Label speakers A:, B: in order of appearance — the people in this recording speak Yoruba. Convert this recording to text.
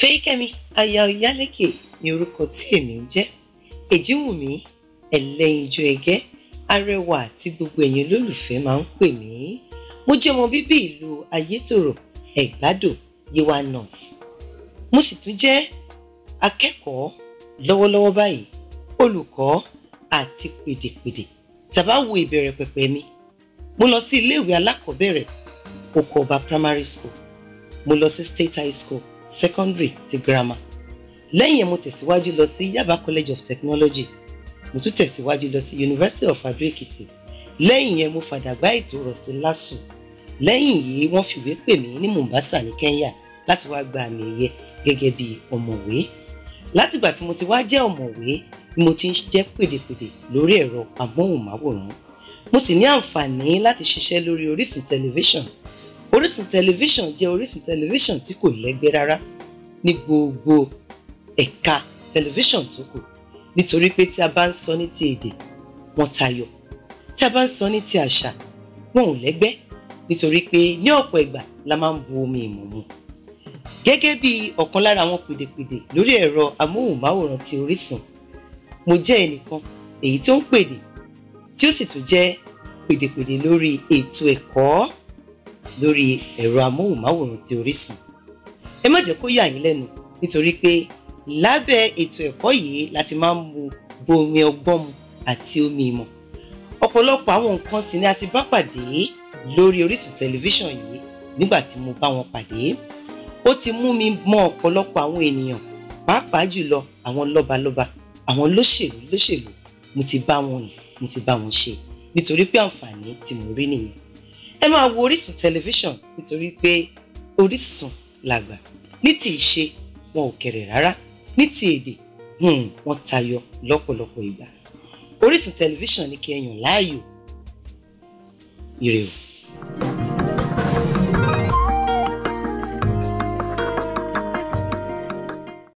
A: Fẹ́yìkẹ́mi aya Ọ̀yálékè ni orúkọ tí èmi ń jẹ́ Èjìwùmí ẹlẹ́yinjú ẹ̀gẹ́ arẹwà tí gbogbo ẹ̀yin olólùfẹ́ máa ń pè mí mo jẹ́ ọmọ bíbí ìlú Ayétòrò Ẹ̀gbádò Yewa North mo sì tún jẹ́ akẹ́kọ̀ọ́ lọ́wọ́lọ́wọ́ báyìí olùkọ́ àti pèdèpèdè tàbá wo ìbẹ̀rẹ̀ pẹ̀pẹ̀ mi mo lọ sí iléèwé alákọ̀ọ́bẹ̀rẹ̀ Oko Primary School mo lọ sí State High School secondary ti grammar lẹ́yìn ẹ̀ mo tẹ̀síwájú lọ sí Yaba College of Technology mo tún tẹ̀síwájú lọ sí University of Ado-Ekiti lẹ́yìn ẹ̀ mo fàdàgbà ètò ọ̀rọ̀ sí LASU lẹ́yìn yìí wọ́n fìwé pè mí ní Mombasa ní Kenya láti wá gba àmì ẹ̀yẹ gẹ́gẹ́ bí ọ̀mọ̀wé látìgbà tí mo ti wá jẹ́ ọ̀mọ̀wé ni mo ti ń jẹ́ pèdèpèdè lórí ẹ̀rọ amóhùnmáwòrán mo sì ní àǹfààní láti ṣiṣẹ́ lórí Orísun tẹlifíṣàn Orísun tẹlifíṣàn jẹ́ orísun tẹlifíṣàn tí kò lẹ́gbẹ́ rárá ní gbogbo ẹ̀ka tẹlifíṣàn tó kù nítorí pé tí a bá ń sọ ní ti èdè wọ́n tayọ tí a bá ń sọ ní ti àṣà wọn ò lẹ́gbẹ́ nítorí pé ní ọ̀pọ̀ ìgbà la máa ń bu omi ìmọ̀ mu gẹ́gẹ́ bí ọ̀kan lára àwọn pèdèpèdè lórí ẹ̀rọ amóhùnmáwòrán ti Orísun mo jẹ́ ẹnìkan èyí tó ń pèdè tí ó sì tún jẹ́ pèdèpèdè lórí ètò ẹ̀kọ́ lórí ẹ̀rọ amóhùnmáwòrán ti Orísun ẹ má jẹ́ kó yà yín lẹ́nu nítorí pé lábẹ́ ètò ẹ̀kọ́ yìí láti máa ń mu bo omi ọgbọ́n mu àti omi ìmọ̀ ọ̀pọ̀lọpọ̀ àwọn nǹkan tí ni a ti bá pàdé lórí Orísun tẹlifíṣàn yìí nígbà tí mo bá wọn pàdé ó ti mú mi mọ ọ̀pọ̀lọpọ̀ àwọn ènìyàn pàápàá jùlọ àwọn lọ́balọ́ba àwọn lóṣèlú lóṣèlú mo ti bá wọn mo ti bá wọn ṣe nítorí pé àǹfààní tí mo rí nìyẹn ẹ máa wo Orísun tẹlifíṣàn nítorí pé Orísun làgbà ní ti ìṣe wọn ò kéré rárá ní ti èdè hmm, wọn tayọ lọ́pọ̀lọpọ̀ ìgbà Orísun tẹlifíṣàn ni kí ẹ yàn láàyò ire